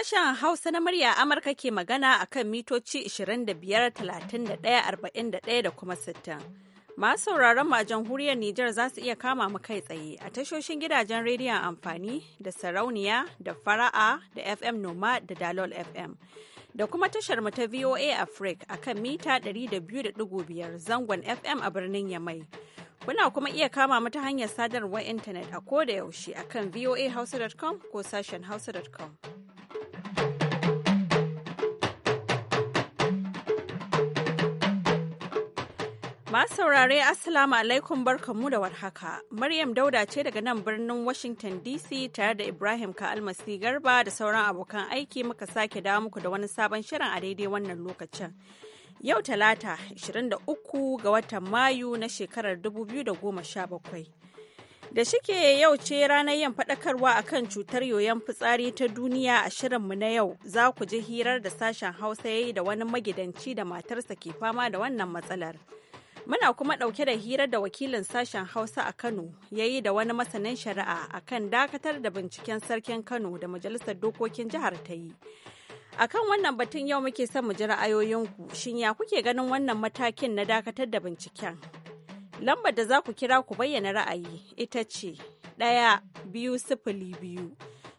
Sashen Hausa na murya Amurka ke magana a kan mitoci 25,31,41 da kuma 60. Masu sauraron ma jamhuriyar Nijar za su iya kama mu kai tsaye a tashoshin gidajen rediyon amfani da sarauniya da fara'a da FM Noma da Dalol FM. Da kuma tashar mu ta VOA Africa a kan mita 200.5 zangon FM a birnin Yamai. Kuna kuma iya kama mu ta hanyar sadarwar intanet a ko da yaushe a kan voahausa.com ko sashen hausa.com. Ma saurare Assalamu alaikum barkanmu da warhaka. Maryam Dauda ce daga nan birnin Washington DC tare da Ibrahim Ka'almasi Garba da sauran abokan aiki muka sake dawo muku da wani sabon shirin a daidai wannan lokacin. Yau Talata 23 ga watan Mayu na shekarar 2017. Da shike yau ce ranar yin faɗakarwa kan cutar yoyon fitsari ta duniya a shirinmu na yau za ku ji hirar da sashen Hausa ya yi da wani magidanci da matarsa ke fama da wannan matsalar. Muna kuma ɗauke da hirar da wakilin sashen Hausa a Kano ya yi da wani masanin shari'a a kan dakatar da binciken sarkin Kano da Majalisar Dokokin Jihar ta yi. A kan wannan batun yau muke son mu ji ra'ayoyinku, shin ya kuke ganin wannan matakin na dakatar da binciken? Lambar da za ku kira ku bayyana ra'ayi ita ce ɗaya biyu sifili biyu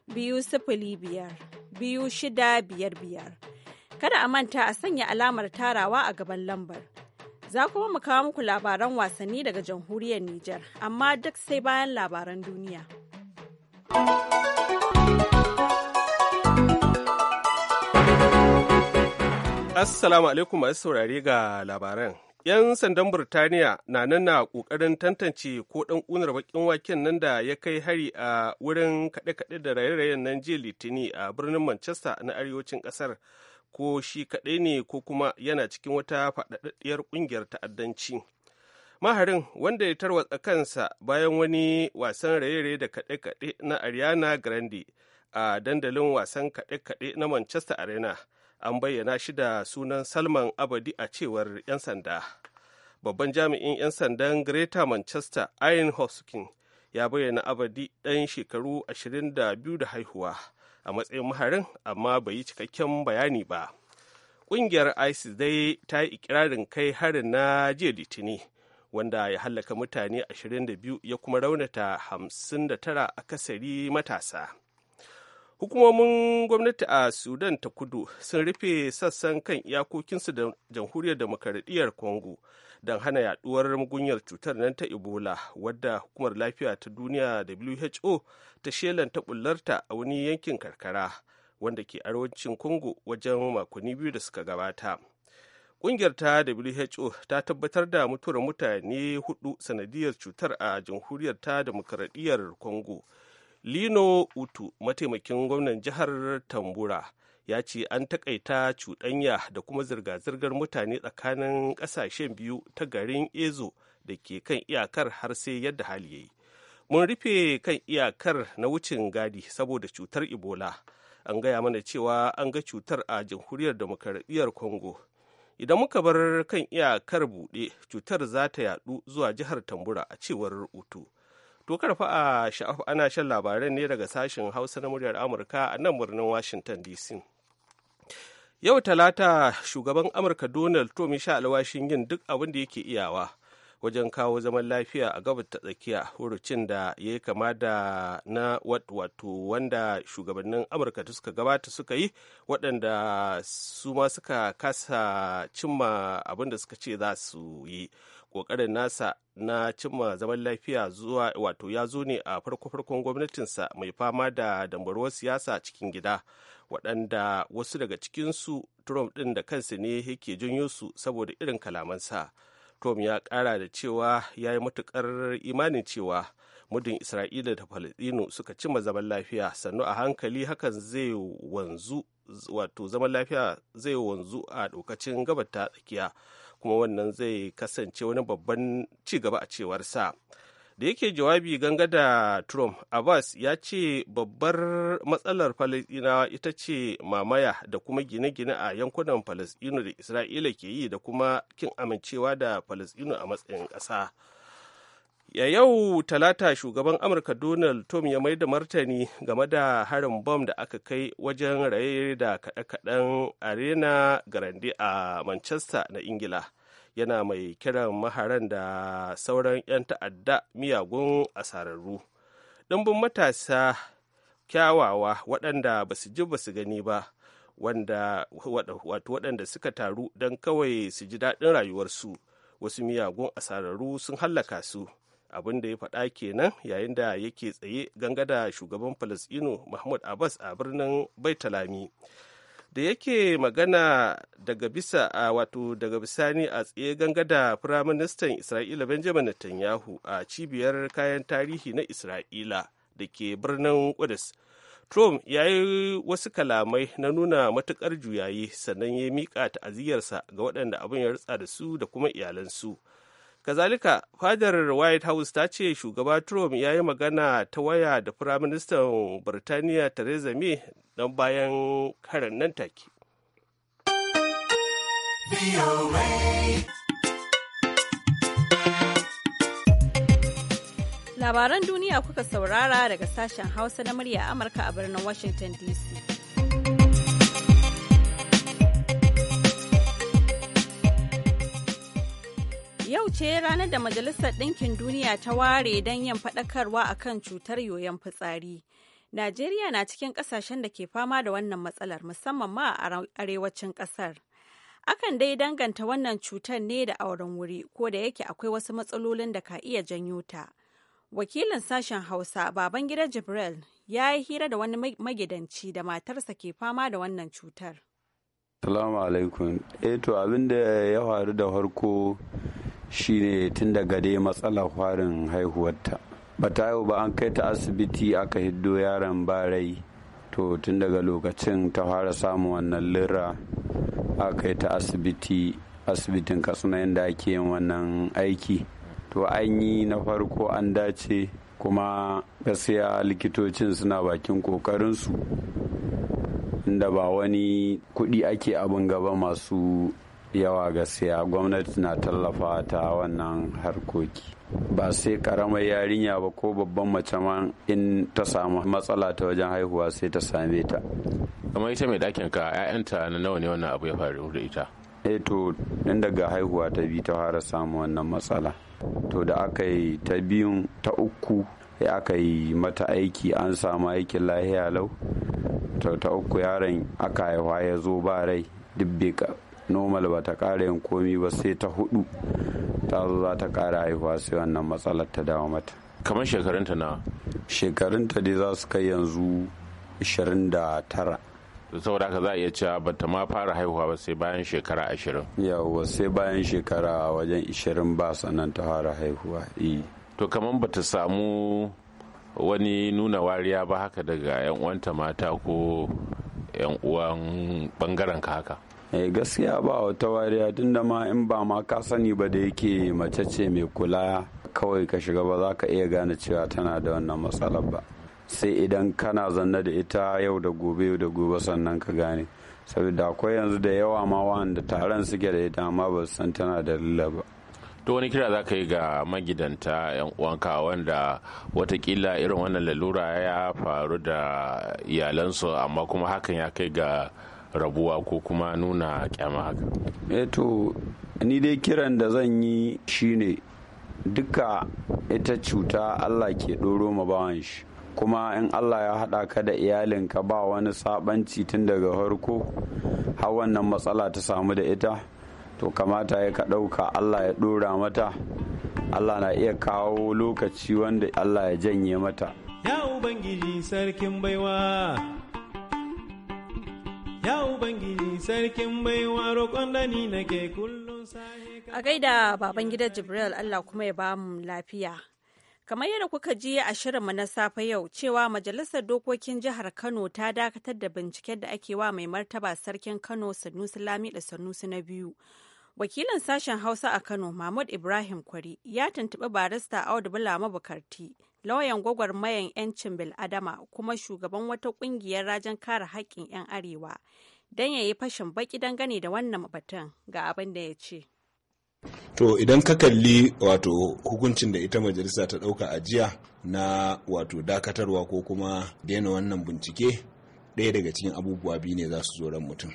biyu sifili biyar biyu shida biyar biyar. Kada a manta a sanya alamar tarawa a gaban lambar. Za kuma mu kawo muku labaran wasanni daga jamhuriyar Nijar, amma duk sai bayan labaran duniya. Assalamu alaikum masu saurare ga labaran. 'Yan sandan Burtaniya na nan na ƙoƙarin tantance ko ɗan ƙunar baƙin waken nan da ya kai hari a wurin kaɗe-kaɗe da raye-rayen nan jiya Litini a birnin Manchester na arewacin ƙasar. ko shi kaɗai ne ko kuma yana cikin wata faɗaɗɗiyar ƙungiyar ta'addanci maharin wanda ya tarwatsa kansa bayan wani wasan raye-raye da kaɗe-kaɗe na ariana grande a dandalin wasan kaɗe-kaɗe na manchester arena an bayyana shi da sunan salman abadi a cewar 'yan sanda babban jami'in 'yan sandan greater manchester ian hoskin ya bayyana abadi ɗan shekaru 22 da haihuwa a matsayin maharin amma bai yi cikakken bayani ba ƙungiyar isis dai ta yi ikirarin kai harin na jiya litini wanda ya hallaka mutane 22 ya kuma raunata 59 a kasari matasa hukumomin gwamnati a sudan ta kudu sun rufe sassan kan iyakokinsu da jamhuriyar demokaradiyyar congo don hana yaduwar mugunyar cutar nan ta ebola wadda hukumar lafiya ta duniya who ta shelanta bullarta a wani yankin karkara wanda ke arewacin congo wajen makonni biyu da suka gabata Ƙungiyar ta WHO ta tabbatar da mutuwar mutane hudu sanadiyar cutar a jamhuriyar ta demokaradiyyar Congo. Lino Utu, mataimakin gwamnan jihar Tambura, ya ce an takaita cuɗanya da kuma zirga-zirgar mutane tsakanin ƙasashen biyu ta garin ezo da ke kan iyakar har sai yadda hali ya yi mun rufe kan iyakar na wucin gadi saboda cutar ebola an gaya mana cewa an ga cutar a jamhuriyar demokaradiyyar congo idan muka bar kan iyakar buɗe cutar za ta yaɗu zuwa jihar tambura a cewar utu To karfa a ana shan labaran ne daga sashen Hausa na muryar Amurka a nan birnin Washington DC. Yau Talata shugaban Amurka Donald Trump sha alwashin yin duk abin da yake iyawa wajen kawo zaman lafiya a gabas ta tsakiya hurucin da ya yi kama da na wato wanda shugabannin Amurka suka gabata suka yi waɗanda su ma suka kasa cimma abin da suka ce za su yi. kokarin nasa na cimma zaman lafiya zuwa wato ya zo ne a farko-farkon gwamnatinsa mai fama da dambarwar siyasa cikin gida waɗanda wasu daga cikinsu trump ɗin da kansa ne yake janyo su saboda irin kalamansa trump ya ƙara da cewa ya yi matuƙar imanin cewa muddin isra'ila da palestino suka cimma zaman lafiya sannu a hankali hakan zai wanzu wato zaman lafiya zai wanzu a dokacin gabar ta tsakiya kuma wannan zai kasance wani babban ci gaba a cewar sa da yake jawabi ganga da trump abbas ya ce babbar matsalar falasɗinawa ita ce mamaya da kuma gine-gine a yankunan falasɗinu da isra'ila ke yi da kuma kin amincewa da falasɗinu a matsayin ƙasa. ya yau talata shugaban amurka donald trump ya mai da martani game da harin bom da aka kai wajen raye da kaɗe-kaɗen arena grande a manchester na ingila yana mai kiran maharan da sauran 'yan ta'adda miyagun asararru ɗumbin matasa kyawawa waɗanda ba su ji ba su gani ba wanda waɗanda suka taru don kawai su ji daɗin rayuwarsu wasu miyagun asararru sun hallaka su abin da ya faɗa kenan yayin da yake tsaye gangada shugaban falasɗinu mahmud abbas a birnin baitalami da yake magana daga bisa a wato daga bisani a tsaye gangada firaministan isra'ila benjamin netanyahu a cibiyar kayan tarihi na isra'ila da ke birnin kudus trump ya yi wasu kalamai na nuna matukar juyayi sannan ya miƙa ta'aziyarsa ga waɗanda abin ya rutsa da su da kuma iyalansu kazalika fadar white house ta ce shugaba trump ya yi magana ta waya da firaministan birtaniya theresa may don bayan karan nan take labaran duniya kuka saurara daga sashen hausa na murya amurka a birnin washington dc Yau ce ranar da Majalisar Ɗinkin Duniya ta ware don yin faɗakarwa a kan cutar yoyon fitsari. Najeriya na cikin ƙasashen da ke fama da wannan matsalar musamman ma a arewacin ƙasar. Akan dai danganta wannan cutar ne da auren wuri ko da yake akwai wasu matsalolin da ka iya janyo ta. Wakilin sashen Hausa baban Babangida Jibril ya yi hira da wani magidanci da matarsa ke fama da wannan cutar. Salamu alaikum. Eto eh abin da ya faru da farko shine tun daga dai matsalar farin haihuwarta bata haihu ba an kai ta asibiti aka hiddo yaron barai to tun daga lokacin ta fara samun wannan lura aka kai ta asibiti asibitin kasuna yadda ake yin wannan aiki to an yi na farko an dace kuma gaskiya likitocin suna bakin kokarinsu inda ba wani kuɗi ake abin gaba masu yawa gaskiya gwamnati na tallafa ta wannan harkoki ba sai karamar yarinya ba ko babban mace ma in ta samu matsala ta wajen haihuwa sai ta same ta kamar ita mai dakin ka 'ya'yanta na nawa ne wannan abu ya faru da ita e to daga haihuwa ta biyu ta fara samu wannan matsala to da aka yi ta biyun ta uku ya aka yi mata aiki an samu aikin lahiya lau ta uku yaron aka haihuwa ya zo ba rai duk normal ba ta ƙara yin komi ba sai ta hudu ta zo za ta ƙara haihuwa sai wannan matsalar ta dawo mata kamar shekarunta na shekarunta dai za su kai yanzu 29 saboda haka za a iya cewa ba ta ma fara haihuwa ba sai bayan shekara ashirin ba sai bayan shekara wajen ashirin ba sannan ta fara haihuwa e. to kamar ba ta samu wani nuna wariya ba haka daga 'yan uwanta mata ko 'yan uwan bangaren ka haka Eh, gaskiya ba wata wariya tunda ma in ba ma ka sani ba da yake mace ce mai kula kawai ka shiga ba za ka iya gane cewa tana da wannan matsalar ba sai idan kana zanne da ita yau da gobe yau da gobe sannan ka gane saboda akwai yanzu da yawa ma wanda taron suke da ita amma ba san tana da lilla ba to wani kira za ka yi ga magidanta yan uwanka wanda watakila irin wannan lalura ya faru da iyalansu amma kuma hakan ya kai ga rabuwa ko kuma nuna kyama haka eto eh ni dai kiran da zan yi shine duka ita cuta allah ke ɗoro ma bawan shi kuma in allah ya haɗa ka da ka ba wani sabanci tun daga harko har wannan matsala ta samu da ita to kamata ya ka ɗauka allah ya ɗora mata allah na iya kawo lokaci wanda allah ya janye mata ya ubangiji sarkin baiwa Ya Ubangiji sarkin baiwa roƙon da nake kullum sahe A gaida baban gida Jibril Allah kuma ya bamu lafiya. Kamar yadda kuka ji a shirinmu na safe yau cewa Majalisar Dokokin Jihar Kano ta dakatar da binciken da ake wa mai martaba sarkin Kano Sanusi Lami da Sanusi na biyu. Wakilin sashen Hausa a Kano Mahmud Ibrahim Kwari ya tuntuɓi barista Audu Bulama Bukarti lauyan gwagwarmayan 'yancin bil'adama kuma shugaban wata ƙungiyar rajin kare haƙƙin 'yan arewa don ya yi fashin baƙi dangane da wannan batun ga abin da ya ce. To idan ka kalli wato hukuncin da ita majalisa ta ɗauka a jiya na wato dakatarwa ko kuma daina wannan bincike ɗaya daga cikin abubuwa biyu ne za su zo ran mutum.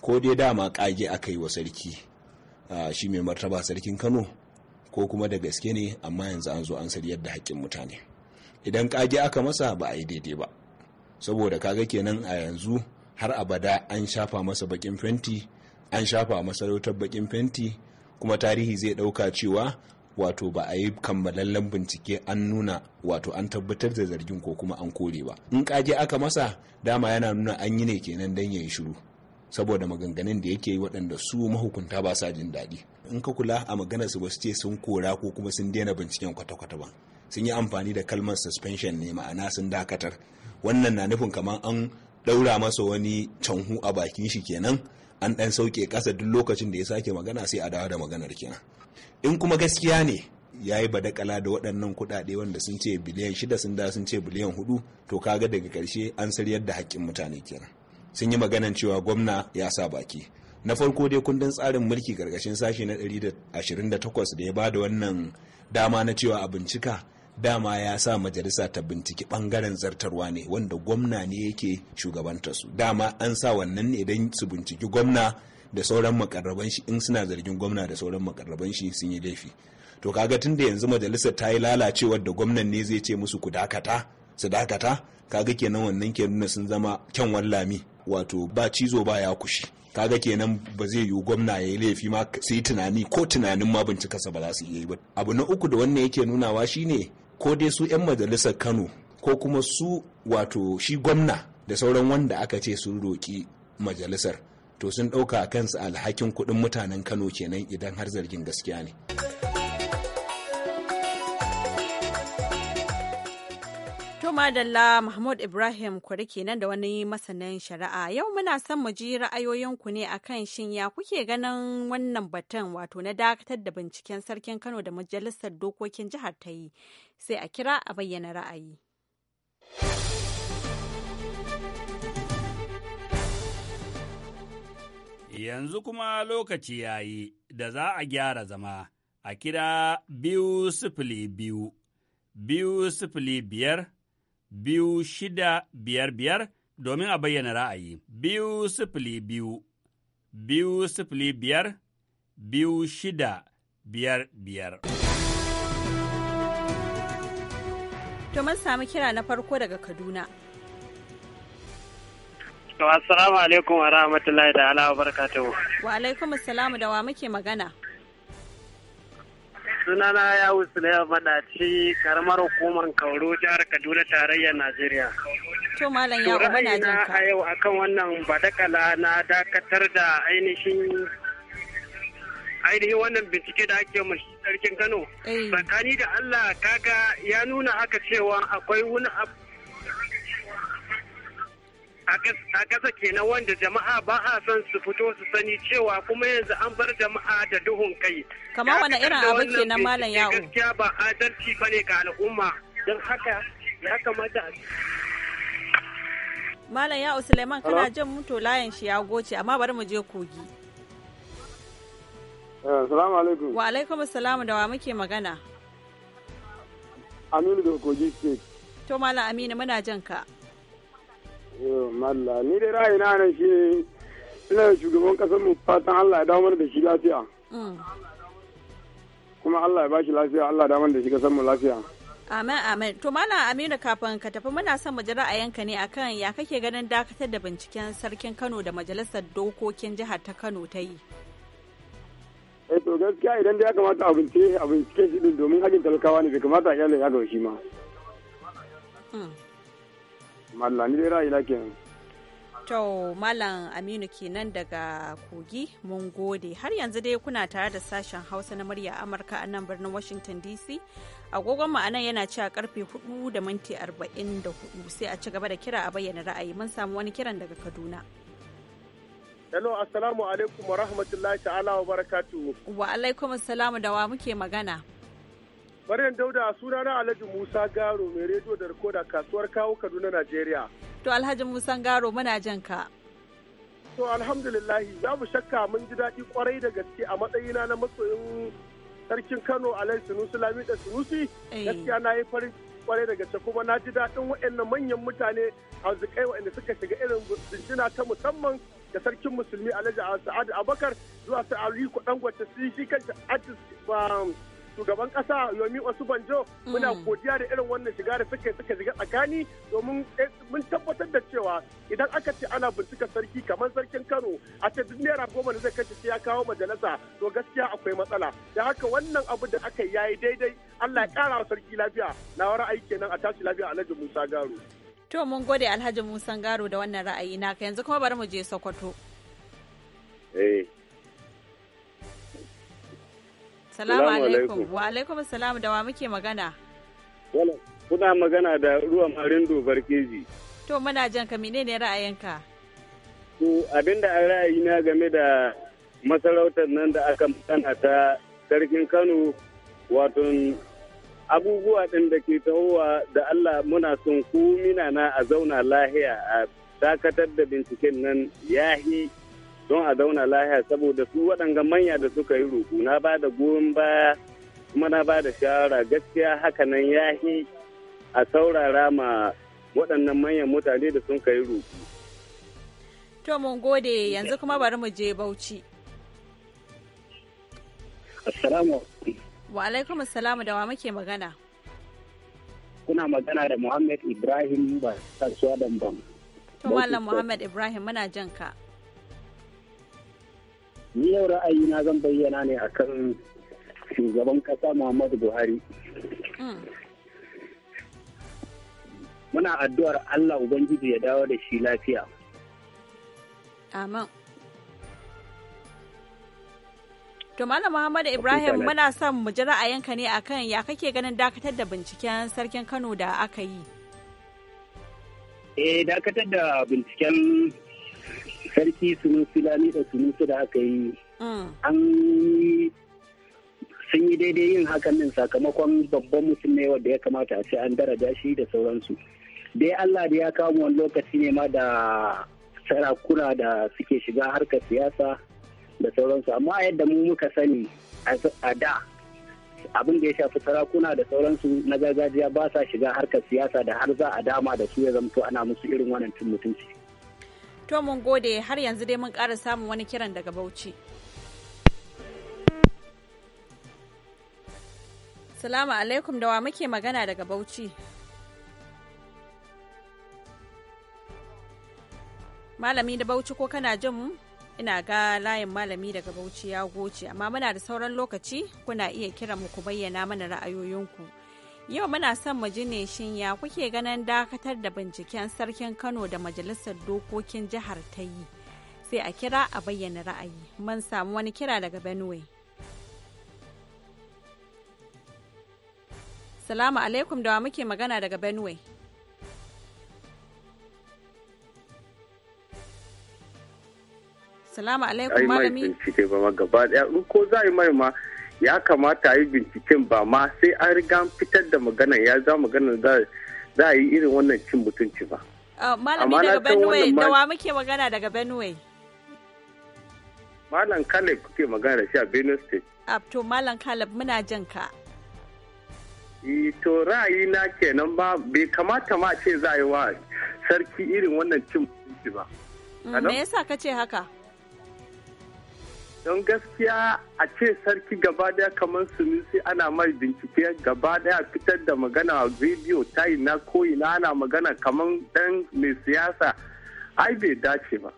Ko dai dama ƙage aka yi wa sarki shi mai martaba sarkin Kano ko kuma da gaske ne amma yanzu an zo an sariyar da haƙƙin mutane idan kage aka masa ba a yi daidai ba saboda kaga kenan a yanzu har abada an shafa masa bakin fenti an shafa masarautar bakin fenti kuma tarihi zai ɗauka cewa wato ba a yi kammalallen bincike an nuna wato an tabbatar da zargin ko kuma an kore ba in kage aka masa dama yana nuna an yi ne kenan don ya yi shiru saboda maganganun da yake yi waɗanda su mahukunta ba sa jin daɗi in ka kula a maganar su ba ce sun kora ko kuma sun daina binciken kwata-kwata ba sun yi amfani da kalmar suspension ne ma'ana sun dakatar wannan na nufin kamar an ɗaura masa wani canhu a bakin shi kenan an ɗan sauke ƙasa duk lokacin da ya sake magana sai a dawo da maganar kenan in kuma gaskiya ne ya yi badakala da waɗannan kuɗaɗe wanda sun ce biliyan shida sun da sun ce biliyan hudu to kaga daga ƙarshe an saryar da haƙƙin mutane kenan sun yi maganan cewa gwamna ya sa baki na farko dai kundin tsarin mulki karkashin sashi na 128 da ya bada wannan dama na cewa a bincika dama ya sa majalisa ta binciki bangaren zartarwa ne wanda gwamna ne yake shugabantarsu su dama an sa wannan ne don su binciki gwamna da sauran makarraban shi in suna zargin gwamna da sauran makarraban shi sun yi laifi to kaga tun da yanzu majalisa ta yi lalacewar da gwamnan ne zai ce musu ku dakata su dakata kaga kenan wannan ke nuna sun zama kyan wallami wato ba cizo ba ya kushi kaga kenan ba zai yiwu gwamna ya yi laifi ma su yi tunani ko tunanin ma bincikarsa ba za su iya yi ba abu na uku da wannan yake nunawa shine ko dai su 'yan majalisar kano ko kuma su wato shi gwamna da sauran wanda aka ce sun roƙi majalisar to sun ɗauka kansu alhakin kuɗin mutanen kano kenan idan har zargin gaskiya ne. madalla Mahmud Ibrahim kwari kenan da wani masanin shari'a yau muna son mu ji ra'ayoyinku ne akan shin ya kuke ganin wannan batun wato na dakatar da binciken sarkin Kano da majalisar dokokin jihar ta yi sai a kira a bayyana ra'ayi. Yanzu kuma lokaci ya yi da za a gyara zama a kira biyu sifili biyu, biyu sifili biyar biyu shida biyar biyar domin a bayyana ra'ayi. Biyu sifili biyu, biyu sifili biyar, biyu shida biyar biyar. To mun sami kira na farko daga Kaduna. To assalamu alaikum wa rahmatullahi da ala wa barakatuhu. Wa alaikum assalamu da wa muke magana. sunana ya wusu na madaci karamar hukumar kauro jihar kaduna tarayyar najeriya to malam ya na yau a yau akan wannan badakala na dakatar da ainihin ainihin wannan bincike da ake mashi sarkin kano eh. tsakani da allah kaga ya nuna haka cewa akwai wani abu a ƙasa kenan wanda jama'a ba a son su fito su sani cewa kuma yanzu an bar jama'a da duhun kai. Kamar wani irin abu ke na malam yawo? Gaskiya ba adalci ba ne ga al'umma don haka ya kamata Malam Ya'u Suleiman kana jin mutu layin shi ya goce amma bari mu je kogi. Eh, salamu alaikum. Wa alaikum salamu da wa muke magana. Aminu da kogi state. To Malam Aminu muna jan ka. Malla, ni dai ra'ayi na nan shi ina shugaban kasar mu fatan Allah ya damar da shi lafiya. Mm. Kuma Allah ya bashi lafiya, Allah ya damar da shi kasar mu lafiya. Amin amin. To mana Aminu kafin ka tafi muna son mu ji ra'ayinka ne akan ya kake ganin dakatar da binciken sarkin Kano da majalisar dokokin jihar ta Kano ta yi. Eh to gaskiya idan da ya kamata a bincike a bincike shi domin hakin talakawa ne bai kamata a kyale ya gaushi ma. Mm. Mallam ni dai To Malam Aminu kenan daga Kogi mun gode. Har yanzu dai kuna tare da sashen Hausa na murya Amurka a nan birnin Washington DC. Agogon mu anan yana ci a karfe 4 da minti 44 sai a ci gaba da kira a bayyana ra'ayi mun samu wani kiran daga Kaduna. Hello, assalamu alaikum wa rahmatullahi ta'ala wa barakatuhu. Wa alaikum assalamu da wa muke magana. Maryam Dauda suna na Alhaji Musa Garo mai rediyo da rikoda kasuwar kawo Kaduna Najeriya. To Alhaji Musa Garo muna jan ka. To alhamdulillahi mu shakka mun ji daɗi kwarai da gaske a matsayina na matsayin sarkin Kano Alhaji Sunusi Lami da Sunusi. Eh. Gaskiya na yi farin kwarai da gaske kuma na ji daɗin waɗannan manyan mutane a zikai waɗanda suka shiga irin bincina ta musamman da sarkin musulmi Alhaji Sa'adu Abakar zuwa sa Aliko Dangote shi kanta artist um, shugaban kasa yomi osubanjo muna mm. godiya da irin wannan shiga da suke suka shiga tsakani domin eh, mun tabbatar da cewa idan aka ce ana bincika sarki kamar sarkin kano a ce duk naira goma da zai kace sai ya kawo majalisa to gaskiya akwai matsala da haka wannan abu da aka yayi daidai Allah ya kara wa sarki lafiya na wara aiki kenan a tashi lafiya Alhaji Musa Garo to mun gode Alhaji Musa Garo da wannan ra'ayi naka yanzu kuma bari mu je Sokoto eh Salamu alaikum. Wa alaikum salamu da wa muke magana. Kuna magana da ruwa Marindo Barkeji. To muna jan ka menene ra'ayinka? To abinda a na game da masarautar nan da aka magana ta sarkin Kano wato abubuwa ɗin da ke tahowa da Allah muna son ku mina na a zauna lahiya a dakatar da binciken nan yahi don a zauna lahiya saboda su waɗanga manya da suka yi roƙo na ba da goyon baya kuma na ba da shawara gaskiya hakanan ya yi a saurara ma waɗannan manyan mutane da sun kai roƙo. To mun gode yanzu kuma bari mu je Bauchi. Assalamu. Wa alaikum assalamu da wa muke magana. Kuna magana da Muhammad Ibrahim ba kasuwa Dambam. To mallam Muhammad Ibrahim muna jan ka. ni yau ra'ayina zan bayyana ne akan shugaban kasa muhammadu buhari hmm. muna addu'ar allah ubangiji ya dawo da shi lafiya amin to malam muhammadu ibrahim muna son mu ji ra'ayinka ne akan ya kake ganin dakatar da binciken sarkin kano da aka yi eh dakatar da binciken sarki sunu filani da su da aka yi mm. an sun yi daidai yin hakan nan sakamakon babban mutum ne wanda ya kamata a ce an daraja shi da sauransu dai allah da ya kamo wani lokaci ne ma da sarakuna da suke shiga harkar siyasa da sauransu amma yadda mu muka sani a da abin da ya shafi sarakuna da sauransu na gargajiya ba sa shiga harkar siyasa da har za a dama da su ya zamto ana musu irin wannan mutunci To mun gode har yanzu dai mun ƙara samun wani kiran daga Bauchi. Salamu alaikum da wa muke magana daga Bauchi. Malami da Bauchi ko kana jin mu? Ina ga layin malami daga Bauchi ya goce, amma muna da sauran lokaci kuna iya kiran mu ku bayyana mana ra'ayoyinku. Yau muna son mu ji ne shin ya kuke ganin dakatar da binciken sarkin Kano da majalisar dokokin jihar ta yi. Sai a kira a bayyana ra'ayi. Mun samu wani kira daga Benue. Salamu alaikum da wa muke magana daga Benue. Salamu alaikum malami. Ai mai ba ma gaba daya ko za a yi mai ma ya kamata a yi binciken ba ma sai an riga fitar da magana ya za magana za a yi irin wannan cin mutunci ba. Oh, Malami daga Benue, da wa muke magana daga Benue? Malam Caleb kuke magana da shi a Benue State. Abto ah, Malam Caleb muna jin ka. E, to ra'ayi na kenan ba bai kamata ma ce za a yi wa sarki irin wannan cin mutunci ba. Mm, me yasa ka ce haka? don gaskiya a ce sarki gaba daya kamar sai ana mai bincike gaba daya fitar da magana a video ta yi na na ana magana kamar dan mai siyasa ai bai dace ba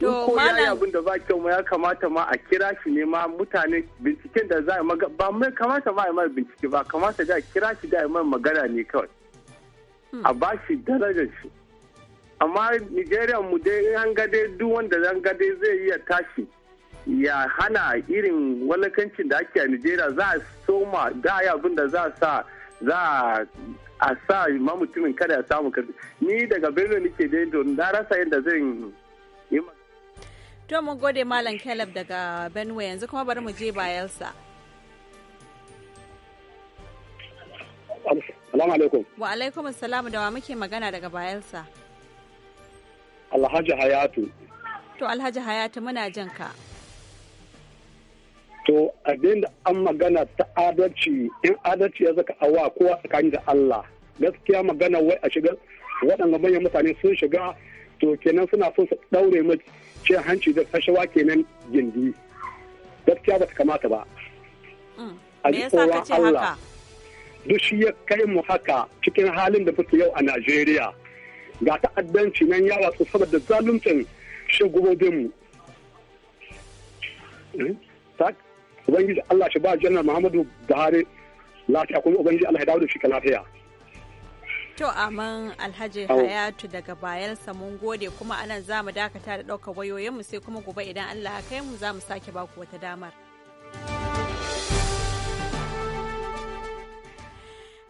to malam abin da ba kyau ma ya kamata ma a kira shi ne ma mutane binciken da za a ba mai kamata ma a mai bincike ba kamata da kira shi da a mai magana ne kawai hmm. a ba shi darajar shi amma nigeria mu dai an gade duk wanda zan gade zai iya tashi ya hana irin walakancin da ake a Nigeria za a soma da ya abin da za a sa za a sa ma mutumin kada ya samu karfi ni daga Bello nake dai don na rasa yadda zan yi To mun gode Malam Caleb daga Benue yanzu kuma bari mu je bayelsa. Assalamu alaikum. Wa alaikum salamu da wa muke magana daga bayelsa. Alhaji Hayatu. To Alhaji Hayatu muna jin ka. to abin da an magana ta adalci in adalci ya zaka awa kowa tsakanin da Allah gaskiya magana wai a shiga waɗanda manyan mutane sun shiga to kenan suna son su ɗaure mai ce hanci da fashewa kenan gindi gaskiya ba ta kamata ba mm, a ji tsoron Allah duk shi ya kai mu haka cikin halin da fito yau a Najeriya ga ta'addanci nan ya wasu saboda zaluncin shugabobinmu. Eh? Tak? ubangiji Allah shi ba janar Muhammadu Buhari lafiya kuma ubangiji Allah ya dawo da shi ka lafiya To aman Alhaji Hayatu daga bayansa mun gode kuma anan za mu dakata da ɗaukar wayoyinmu sai kuma gobe idan Allah ya kai mu za mu sake baku wata damar.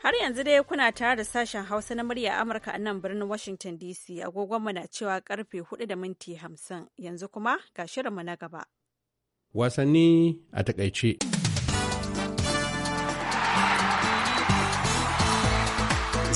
Har yanzu dai kuna tare da sashen Hausa na murya Amurka a nan birnin Washington DC agogonmu na cewa karfe 4 da minti 50 yanzu kuma ga shirinmu na gaba. Wasanni a takaice.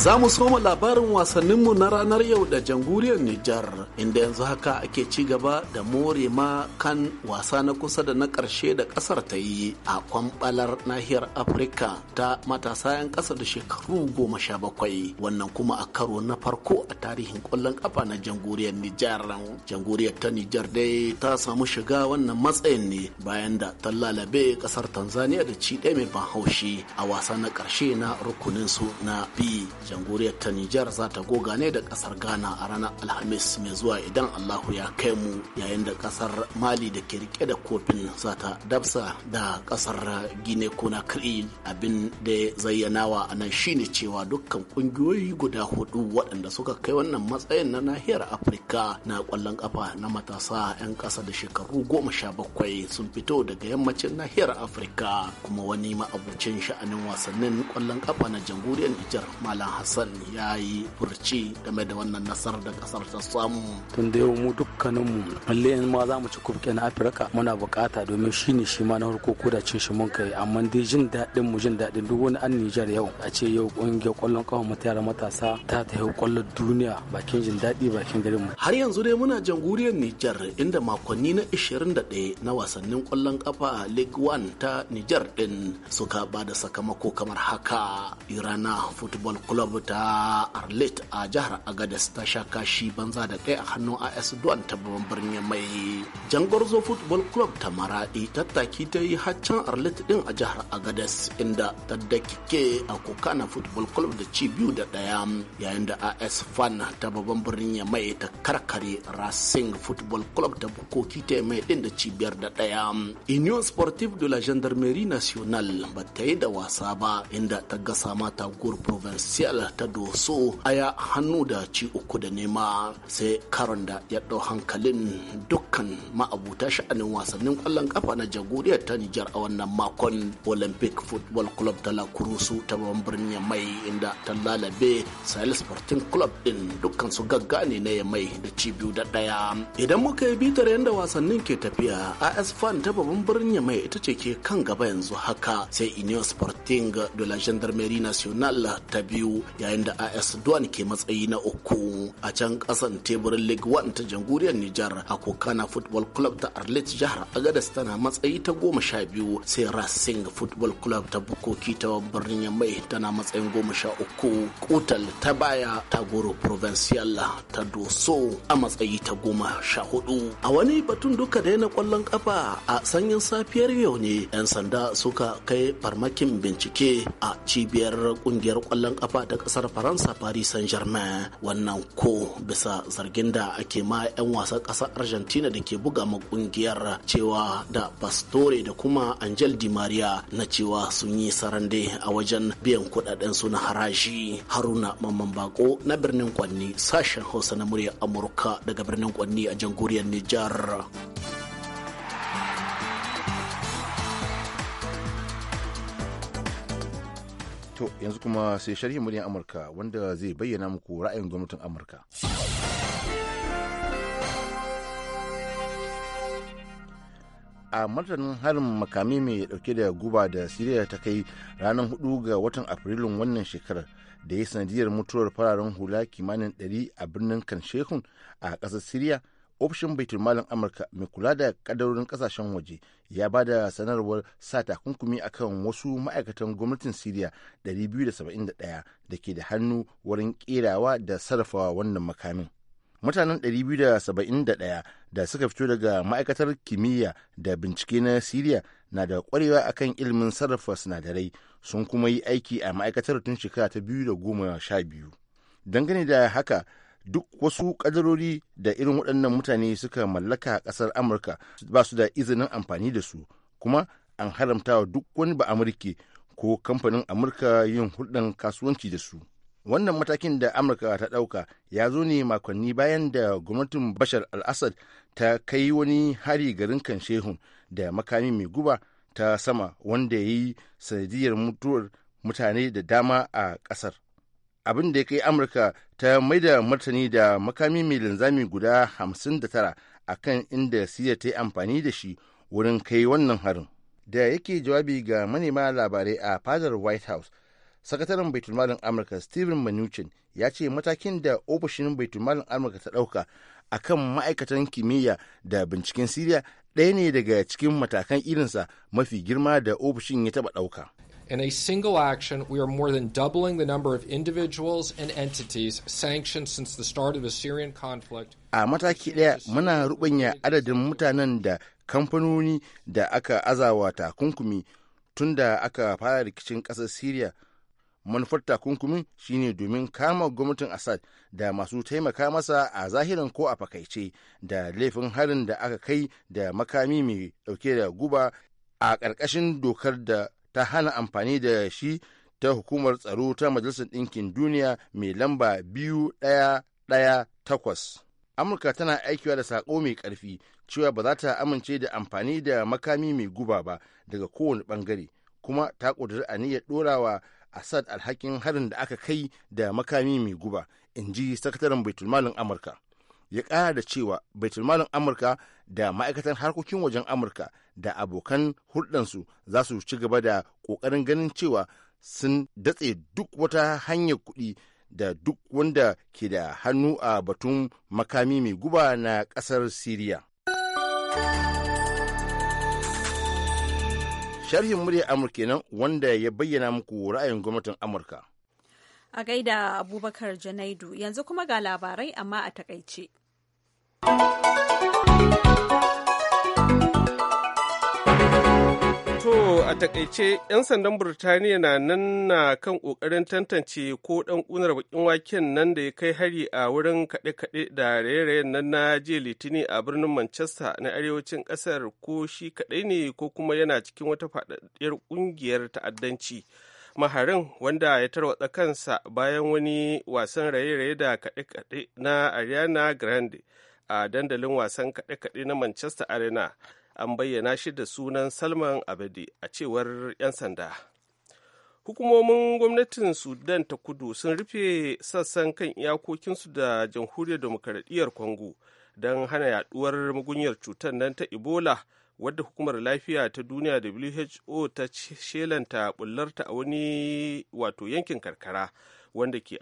Za mu soma labarin wasanninmu na ranar yau da jamhuriyar Nijar, inda yanzu haka ake ci gaba da more ma kan wasa na kusa da na ƙarshe da ƙasar ta yi a kwambalar nahiyar Afirka ta matasa 'yan ƙasa da shekaru goma sha bakwai. Wannan kuma a karo na farko a tarihin ƙwallon ƙafa na jamhuriyar Nijar. Jamhuriyar ta Nijar dai ta samu shiga wannan matsayin ne bayan da ta lalabe ƙasar Tanzania da ci ɗaya mai ban haushi a wasa na ƙarshe na rukunin su na B. jamhuriyar ta Nijar za ta goga ne da kasar Ghana a ranar Alhamis mai zuwa idan Allahu ya kai mu yayin da kasar Mali da ke rike da kofin za ta dabsa da kasar Gine Conakry abin da zayyanawa a nan shine cewa dukkan kungiyoyi guda hudu waɗanda suka kai wannan matsayin na nahiyar Afirka na kwallon kafa na matasa 'yan ƙasa da shekaru goma sha bakwai sun fito daga yammacin nahiyar Afirka kuma wani ma'abucin sha'anin wasannin kwallon kafa na jamhuriyar Nijar Malam Hassan ya yi furci game da wannan nasarar da kasar ta samu. Tun da yau mu dukkaninmu lalle in ma za mu ci kubke na Afirka muna bukata domin shi ne shi ma na harko ko da cin shi mun kai amma dai jin daɗin mu jin daɗin duk wani an Nijar yau a ce yau ƙungiyar ƙwallon ƙafa mu yara matasa ta yau ƙwallon duniya bakin jin daɗi bakin garin mu. Har yanzu dai muna jamhuriyar Nijar inda makonni na 21 na wasannin kwallon kafa League One ta Nijar din. suka ba da sakamako kamar haka. Irana Football Club club ta arlet a jihar agadez ta sha kashi banza da kai a hannun as duwan ta babban birnin mai jangorzo football club ta maradi tattaki ta yi haccan arlet din a jihar agadez inda ta dakike a kokana football club da ci biyu da daya yayin da as fan ta babban birnin mai ta karkare racing football club ta bukoki ta mai din da cibiyar da daya union sportive de la gendarmerie nationale ba ta yi da wasa ba inda ta gasa mata gur provincial Senegal ta doso aya hannu da ci uku da nema sai karon da ya ɗau hankalin dukkan ma'abuta sha'anin wasannin kwallon kafa na jagoriyar ta Nijar a wannan makon Olympic Football Club ta La Kurusu ta babban birnin Yamai inda ta lalabe Sahel Sporting Club din dukkan su gaggane na Yamai da ci biyu da ɗaya. Idan muka yi bitar yadda wasannin ke tafiya AS Fan ta babban birnin Yamai ita ce ke kan gaba yanzu haka sai Union Sporting de la Gendarmerie Nationale ta biyu yayin da AS Duan ke matsayi na uku a can kasan teburin League One ta jamhuriyar Nijar a Kokana Football Club ta Arlit jihar Agadez tana matsayi ta goma sha biyu sai Racing Football Club ta Bukoki ta birnin Yamai tana matsayin goma sha uku Kutal ta baya ta Goro Provincial ta Doso a matsayi ta goma sha hudu. A wani batun duka da na kwallon kafa a sanyin safiyar yau ne 'yan sanda suka kai farmakin bincike a cibiyar kungiyar kwallon kafa ta kasar faransa paris saint germain wannan ko bisa zargin da ake ma 'yan wasan kasar argentina da ke buga ma kungiyar cewa da pastore da kuma angel di maria na cewa sun yi sarande a wajen biyan kudaden su na haraji haruna mamman bako na birnin kwanni sashen hausa na murya amurka daga birnin kwanni a jamhuriyar nijar To yanzu kuma sai sharhin muryar Amurka wanda zai bayyana muku ra'ayin gwamnatin Amurka. a martanin harin makami mai dauke da guba da siriya ta kai ranar 4 ga watan afrilun wannan shekarar da ya sanadiyar mutuwar fararen hula kimanin 100 a birnin kan shekun a kasar siriya ofishin malin amurka mai kula da kadarorin kasashen waje ya ba da sanarwar sa takunkumi akan wasu ma'aikatan gwamnatin siriya 271 da ke da hannu wurin kerawa da sarrafawa wannan makamin mutanen 271 da suka fito daga ma'aikatar kimiyya da bincike na siriya na da kwarewa akan ilimin sarrafa sinadarai sun kuma yi aiki a ma'aikatar tun shekara ta biyu da goma sha biyu dangane da haka duk wasu kadarori da irin waɗannan mutane suka mallaka ƙasar amurka ba su da izinin amfani da su kuma an haramta wa duk wani ba amurki ko kamfanin amurka yin hulɗan kasuwanci da su wannan matakin da amurka ta ɗauka ya zo ne makonni bayan da gwamnatin bashar al-assad ta kai wani hari garin kan shehun da makami mai guba ta sama wanda ya yi sanadiyar mutuwar mutane da dama a ƙasar abin da ya kai amurka ta maida martani da makami mai linzami guda 59 a kan inda siya ta yi amfani da shi wurin kai wannan harin da yake jawabi ga manema labarai a fadar white house sakataren baitulmalin amurka steven mnuchin ya ce matakin da ofishin baitulmalin amurka ta ɗauka a kan ma'aikatan kimiyya da binciken siriya ɗaya ne daga cikin matakan irinsa mafi girma da ofishin ya taɓa ɗauka In a single action, we are more than doubling the number of individuals and entities sanctioned since the start of the Syrian conflict. A mataki ɗaya muna rubanya adadin mutanen da kamfanoni da aka azawa takunkumi tun da aka fara rikicin ƙasar Siriya. Manufar takunkumin shine domin kama gwamnatin Assad da masu taimaka masa a zahirin ko a fakaice da laifin harin da aka kai da makami mai ɗauke da guba a ƙarƙashin dokar da ta hana amfani da shi ta hukumar tsaro ta majalisar ɗinkin duniya mai lamba biyu ɗaya ɗaya takwas. amurka tana aikiwa da saƙo mai ƙarfi cewa ba za ta amince da amfani da makami mai guba ba daga kowane ɓangare kuma ta ƙudiri aniyar ɗorawa asad alhakin harin da aka kai da makami mai guba in ji sakataren baitulmalin amurka ya kara da cewa baitulmalin amurka da ma'aikatan harkokin wajen amurka da abokan hulɗansu za su ci gaba da ƙoƙarin ganin cewa sun datse duk wata hanyar kuɗi da duk wanda ke da hannu a batun makami mai guba na ƙasar siriya sharhin murya amurka nan wanda ya bayyana muku ra'ayin gwamnatin amurka a gaida abubakar janaidu yanzu kuma ga labarai amma a takaice To a takaice 'yan sandan Burtaniya na nan na kan ƙoƙarin tantance ko ɗan ƙunar bakin waken nan da ya kai hari a wurin kaɗe-kaɗe da raye-rayen nan na jiya litini a birnin Manchester na arewacin ƙasar ko shi kaɗai ne ko kuma yana cikin wata faɗaɗɗiyar ƙungiyar ta'addanci. maharin wanda ya tarwatsa kansa bayan wani wasan raye-raye da kaɗe-kaɗe na ariana grande a dandalin wasan kaɗe-kaɗe na manchester arena an bayyana shi da sunan salman abadi a cewar 'yan sanda hukumomin gwamnatin sudan ta kudu sun rufe sassan kan iyakokinsu da jamhuriyar demokaradiyyar congo don hana yaduwar mugunyar cutar nan ta ebola wadda hukumar lafiya ta duniya who ta shelanta bullarta a wani wato yankin karkara wanda ke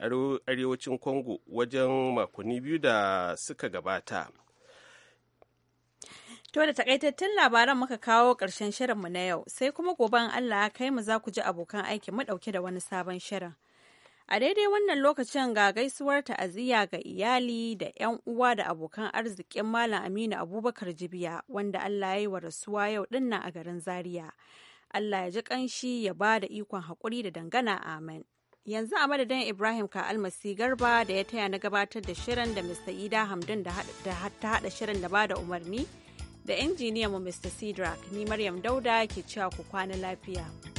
arewacin congo wajen makonni biyu da suka gabata To da takaitattun labaran muka kawo ƙarshen shirinmu na yau sai kuma goben Allah kai mu za ku ji abokan aiki mu ɗauke da wani sabon shirin. A daidai wannan lokacin ga gaisuwar ta'aziyya ga iyali da 'yan uwa da abokan arzikin Malam Aminu Abubakar Jibiya wanda Allah ya yi wa rasuwa yau dinnan a garin Zaria. Allah ya ji ƙanshi ya ba da ikon haƙuri da dangana amen. yanzu a madadin ibrahim ka almasi garba da ya taya na gabatar da shirin da mr ida hamdun da ta hada shirin da ba da umarni da injiniyan injiniyanmu mr sidrak ni maryam dauda ke cewa ku kwana lafiya